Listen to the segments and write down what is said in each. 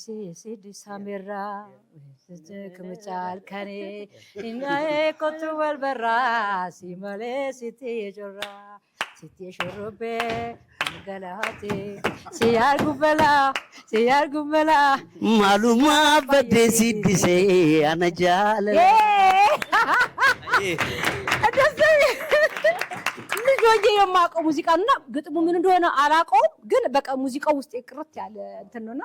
ሲዲሳሜራ ክምጫል ከኔ ኢናዬ ኮቱ ወልበራ ሲመሌ ሲቲ የጆራ ሲቲ ሾሮቤ ገላቴ ሲያር ጉበላ ማሉማ በዴ ሲዲሴ አነጃለ ልጆዬ የማውቀው ሙዚቃ እና ግጥሙ ምን እንደሆነ አላውቀውም፣ ግን በቃ ሙዚቃው ውስጥ ቅርት ያለ እንትን ነውና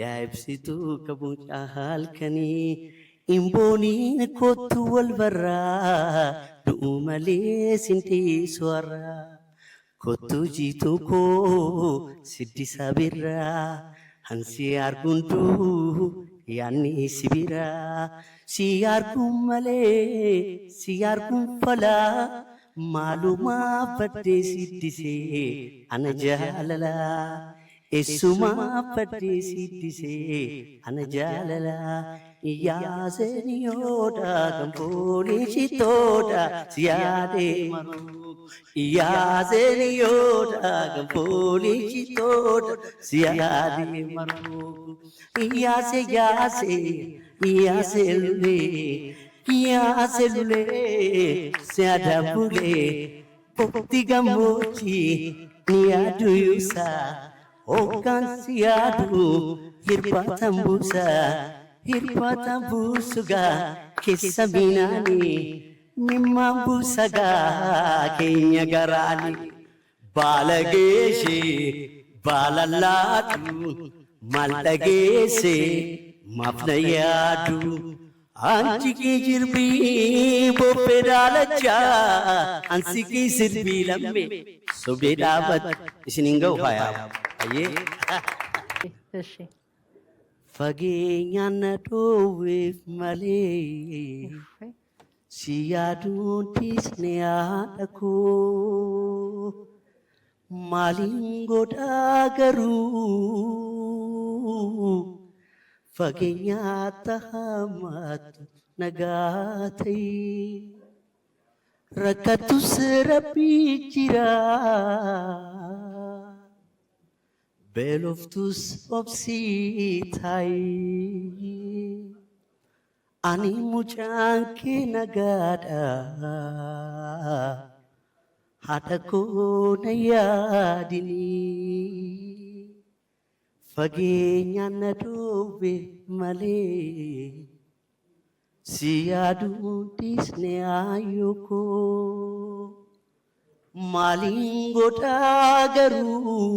Yaabsituu kaboca halkanii hin booniin kottu wal barraa du'u malee sintiisu harraa kottu jiituu koo siddisa birraa hansi argunduu yaanni sibiraa si arguun malee si arguun falaa maalumaa baddee siddisee ana jaalalaa. യേശുമാപ്പറ്റി സിദ്ധിസേ അനജാലല യാസനിയോടാകം പോണിഷിത്തോട സിയാതെ മറോ യാസനിയോടാകം പോണിഷിത്തോട സിയാതെ മറോ യാസ യാസ യാസലുലേ യാസലുലേ സദപുലേ ഭക്തികം മോചി നിയാ ടുയുസാ ಒಗ್ಗಾನ್ ಸಿಯಾದು ಹಿರ್ಪ ತಂಬೂಸ ಹಿರ್ಪ ತಂಬೂಸುಗ ಕಿಸ್ಸ ಬೀನಾನಿ ನಿಮ್ಮ ಬೂಸಗ ಕೆಯ್ಯಗರಾನಿ ಬಾಲಗೇಶಿ ಬಾಲಲ್ಲಾದು ಮಲ್ದಗೇಸೆ ಮಫ್ನಯಾದು አንቺቂ ጅርቢ ቦፔዳለቻ አንሲቂ ስርቢ ለሜ ሱቤዳበት እስኒንገው ሀያ Aye. Hishi. Fagiyana do with Malay. Siya do tis nea ako. Malingo da garu. Fagiyata hamat nagatay. Rakatu serapi Beloftus obsitai ani mujanke nagada hatako nayadini fageenya nadobe malee siyaadu disne ayoko malingotaa garuu.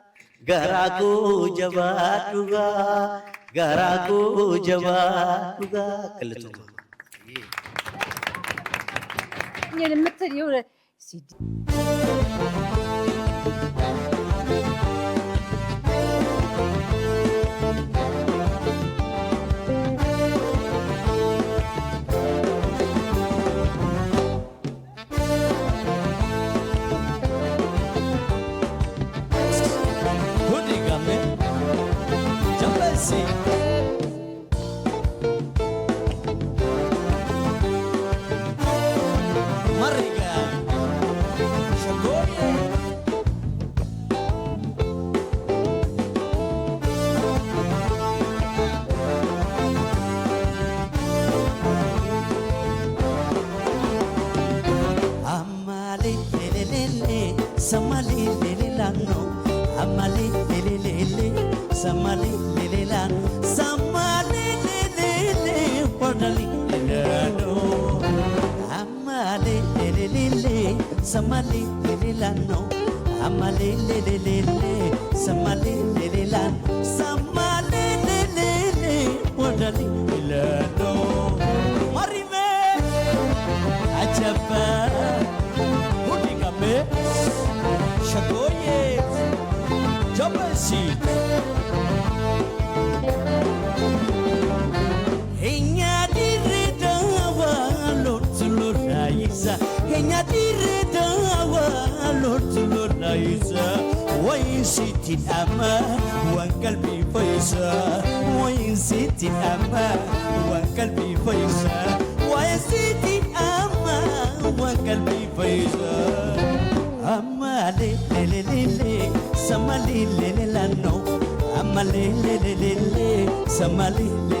घराकू जबा तुगा घराकू जबा तुगा ቅልቱ የምትል blessing. Marriga, Shagoye. Amale, lele, lele, lele, lele, lele. Somebody did it on somebody did it for the little Amali lily somebody did no Amali lily somebody did it on somebody did it for the little Marive Achap ونسيت الأمان وقلبي فيصل ونسيت الأمان وقلبي فيصل ونسيت الأمان وقلبي فيصل أما لي لي لي لي سما لي لي لي لانو أما لي لي لي لي سما لي لي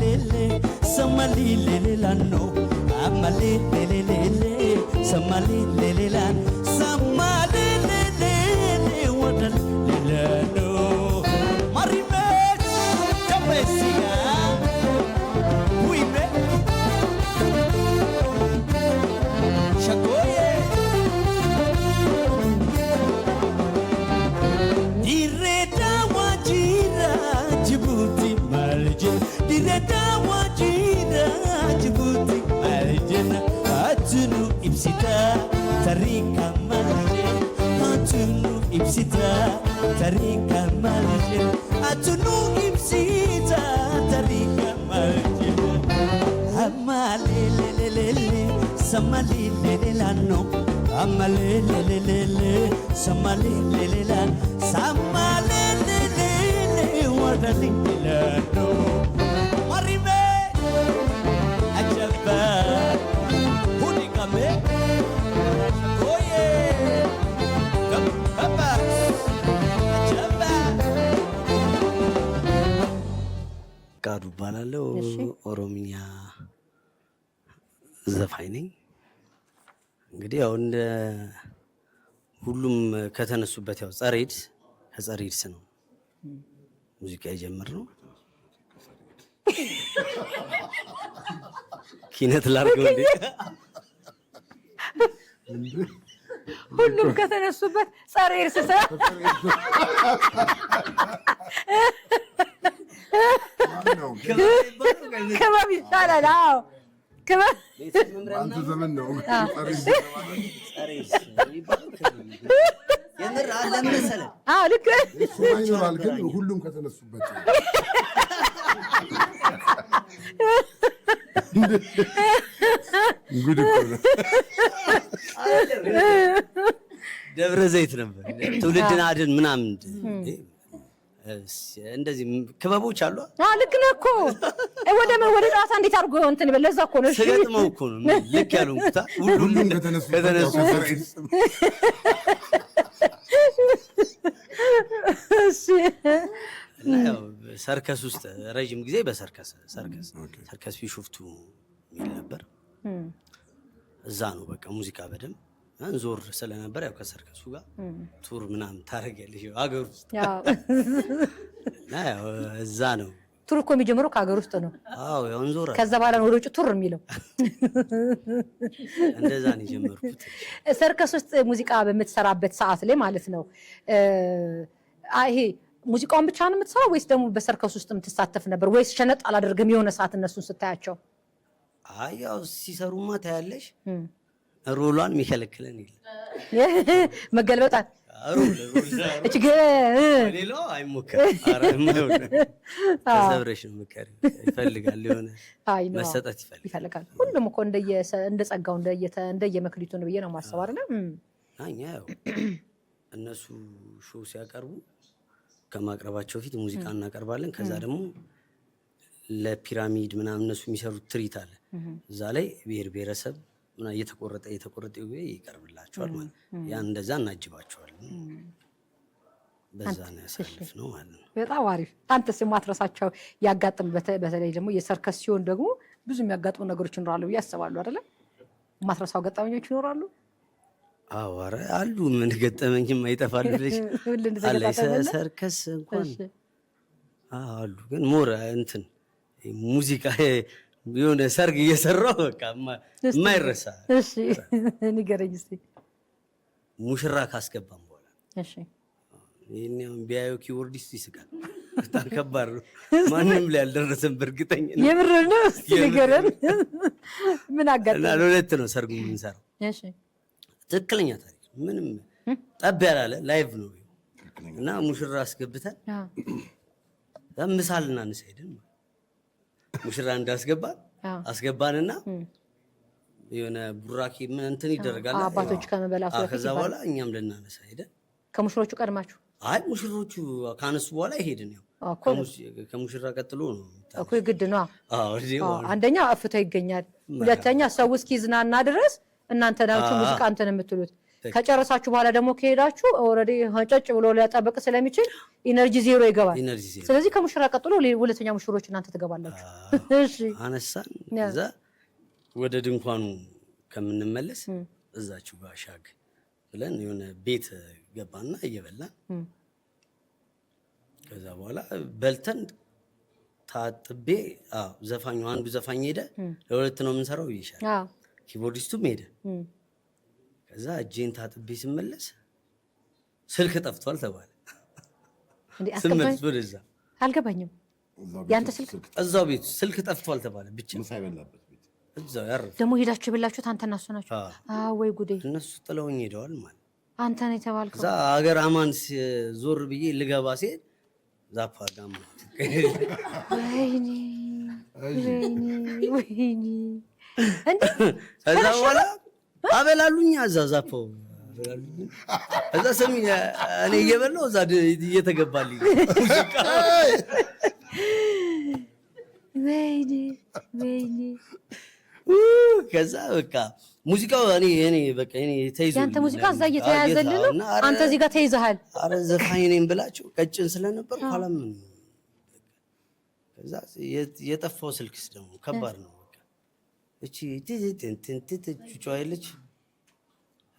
lele samali lele lano amali lele lele samali lele lan samali sita tarika maljil atunugim sita tarika maljil amalelelele samalelelelano amalelelelele samalelelelan samalelelele wadalingelano አራዱ እባላለሁ። ኦሮምኛ ዘፋኝ ነኝ። እንግዲህ ያው እንደ ሁሉም ከተነሱበት ያው ጸሬድ ኤድስ ከጸረ ነው ሙዚቃ የጀመርነው። ኪነት ላርገው እንዴ? ሁሉም ከተነሱበት ጸረ ኤድስ ክበብ ይሻላል። አዎ ዘመን ነው። ይኖራል ግን ሁሉም ከተነሱበት ደብረ ዘይት ነበር ትውልድን አድን ምናምን እንደዚህ ክበቦች አሉ። ልክ ነህ እኮ ወደ ወደ ጨዋታ እንዴት አድርጎ እንትን ለዛ እኮ ነው ስገጥመው እኮ ነው ልክ ያሉ ኩታ ሁሉም ከተነሱ ሰርከስ ውስጥ ረዥም ጊዜ በሰርከስ ሰርከስ ሰርከስ ቢሾፍቱ የሚል ነበር። እዛ ነው በቃ ሙዚቃ በደንብ እንዞር ስለነበር ያው ከሰርከሱ ጋር ቱር ምናምን ታደርጊያለሽ አገር ውስጥ እዛ ነው ቱር እኮ የሚጀምረው ከሀገር ውስጥ ነው። አዎ ያው እንዞራ ከዛ በኋላ ወደ ውጭ ቱር የሚለው እንደዛ ነው የጀመርኩት። ሰርከስ ውስጥ ሙዚቃ በምትሰራበት ሰዓት ላይ ማለት ነው። ይሄ ሙዚቃውን ብቻ ነው የምትሰራው ወይስ ደግሞ በሰርከስ ውስጥ የምትሳተፍ ነበር ወይስ ሸነጥ አላደርግም የሆነ ሰዓት እነሱን ስታያቸው? አይ ያው ሲሰሩማ ታያለሽ ሩሏን የሚከለክለን ይል መገልበጣል ሌላው አይሞከርም። ምከር ይፈልጋል፣ የሆነ መሰጠት ይፈልጋል። ሁሉም እኮ እንደ ጸጋው እንደየመክሊቱ ነው ብዬ ነው የማስበው። አይደለም እኛ ያው እነሱ ሾው ሲያቀርቡ ከማቅረባቸው ፊት ሙዚቃ እናቀርባለን። ከዛ ደግሞ ለፒራሚድ ምናምን እነሱ የሚሰሩት ትርኢት አለ። እዛ ላይ ብሔር ብሔረሰብ ምና እየተቆረጠ እየተቆረጠ ይሄ ይቀርብላቸዋል ማለት ያን እንደዛ እናጅባቸዋለን። በዛ ነው ያሳልፍ ነው ማለት ነው። በጣም አሪፍ። አንተስ የማትረሳቸው ያጋጥም በተለይ ደግሞ የሰርከስ ሲሆን ደግሞ ብዙ የሚያጋጥሙ ነገሮች ይኖራሉ ብዬ አስባለሁ። አይደለ የማትረሳው ገጠመኞች ይኖራሉ? አዎ፣ ኧረ አሉ። ምን ገጠመኝም አይጠፋል ብለሽ አለ ሰርከስ እንኳን አሉ ግን ሞር እንትን ሙዚቃ የሆነ ሰርግ እየሰራው በቃ የማይረሳ እሺ፣ ንገረኝ እስኪ። ሙሽራ ካስገባም በኋላ እሺ፣ ይሄኛው ቢያዩ ኪቦርዲስት ይስቃል። በጣም ከባድ ነው። ማንም ላይ አልደረሰም። በእርግጠኛ የምር ነው። እስኪ ንገረን፣ ምን አጋጠመ? ለሁለት ነው ሰርጉ የምንሰራው። ትክክለኛ ታሪክ ምንም ጠብ ያላለ ላይቭ ነው እና ሙሽራ አስገብተን ምሳልና ንሳይድን ሙሽራ እንዳስገባን አስገባንና የሆነ ቡራኪ ምን እንትን ይደረጋል። አባቶች ከመበላቱ ከዛ በኋላ እኛም ልናነሳ ሄደን ከሙሽሮቹ ቀድማችሁ? አይ ሙሽሮቹ ካነሱ በኋላ ይሄድን ያው ከሙሽራ ቀጥሎ ነው ግድ ነው። አንደኛ እፍታ ይገኛል፣ ሁለተኛ ሰው እስኪ ዝናና ድረስ እናንተ ናችሁ ሙዚቃ እንትን የምትሉት ከጨረሳችሁ በኋላ ደግሞ ከሄዳችሁ ኦልሬዲ ጨጭ ብሎ ሊያጠበቅ ስለሚችል ኢነርጂ ዜሮ ይገባል። ስለዚህ ከሙሽራ ቀጥሎ ሁለተኛ ሙሽሮች እናንተ ትገባላችሁ። አነሳን እዛ ወደ ድንኳኑ ከምንመለስ እዛችሁ ጋር ሻግ ብለን የሆነ ቤት ገባና እየበላን ከዛ በኋላ በልተን ታጥቤ ዘፋኙ አንዱ ዘፋኝ ሄደ። ለሁለት ነው የምንሰራው ይሻል። ኪቦርዲስቱም ሄደ። እዛ እጄን ታጥቤ ስመለስ ስልክ ጠፍቷል ተባለ። ስመለስ ወደዛ አልገባኝም። ያንተ ስልክ እዛው ቤት ስልክ ጠፍቷል ተባለ። ብቻ እዛው ያረፈ ደግሞ ሄዳችሁ የበላችሁት አንተና እሱ ናቸው ወይ ጉዴ? እነሱ ጥለውኝ ሄደዋል ማለት አንተ ነው የተባልከው። እዛ ሀገር አማን ዞር ብዬ ልገባ ሲሄድ ዛፓ ጋማ ወይኔ ወይኔ ወይኔ እንዴ! ከዛ በኋላ አበላሉኝ እዛ ዛፈው እዛ ስሚ፣ እኔ እየበላሁ እዛ እየተገባልኝ ከዛ በቃ ሙዚቃው እኔ እኔ በቃ እኔ ተይዞ ያንተ ሙዚቃ እዛ እየተያዘልህ ነው፣ አንተ እዚህ ጋር ተይዘሃል። አረ ዘፋኝ ነኝ ብላችሁ ቀጭን ስለነበር ኋላም ከዛ የጠፋው ስልክስ ደግሞ ከባድ ነው። እቺ ትጮያለች።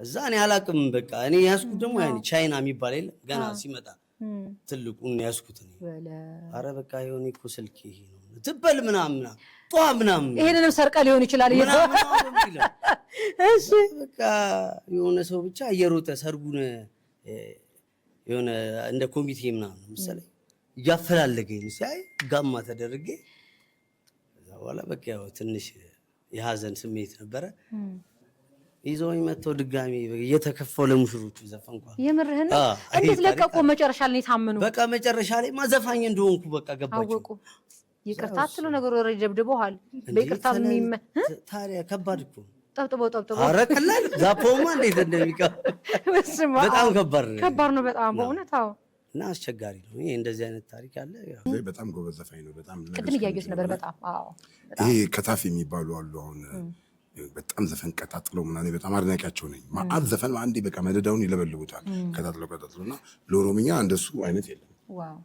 እዛ እኔ አላቅም። በቃ እኔ ያስኩት ደግሞ ያን ቻይና የሚባል የለም ገና ሲመጣ ትልቁን ያዝኩት። አረ በቃ የሆነ እኮ ስልክ ይሄ ነው ትበል ምናምና ጧ ምናምን ይሄንንም ሰርቀ ሊሆን ይችላል። እሺ በቃ የሆነ ሰው ብቻ እየሮጠ ሰርጉን የሆነ እንደ ኮሚቴ ምናምን መሰለኝ እያፈላለገኝ ሲያይ ጋማ ተደርጌ ከዛ በኋላ በቃ ያው ትንሽ የሀዘን ስሜት ነበረ። ይዘውኝ መጥተው ድጋሚ እየተከፈው ለሙሽሮቹ ዘፈንኳ። የምርህን እንዴት ለቀቁ? መጨረሻ ላይ ታምኑ በቃ መጨረሻ ላይ ማዘፋኝ እንደሆንኩ በቃ ገባቸው። ይቅርታ ትሉ ነገር ወረ ደብድበዋል። በይቅርታ ታዲያ ከባድ እኮ ጠብጥቦ ጠብጥቦ ኧረ ቀላል ዛፖማ እንዴት እንደሚቀ በጣም ከባድ ነው። በጣም በእውነት አዎ እና አስቸጋሪ ነው። ይሄ እንደዚህ አይነት ታሪክ አለ። በጣም ጎበዝ ዘፋኝ ነው። በጣም ቅድም እያየሁት ነበር። በጣም ይሄ ከታፍ የሚባሉ አሉ። አሁን በጣም ዘፈን ቀጣጥሎ ምናምን በጣም አድናቂያቸው ነኝ። ማአት ዘፈን አንዴ በቃ መደዳውን ይለበልቡታል። ቀጣጥሎ ቀጣጥሎ እና ለኦሮምኛ እንደሱ አይነት የለም።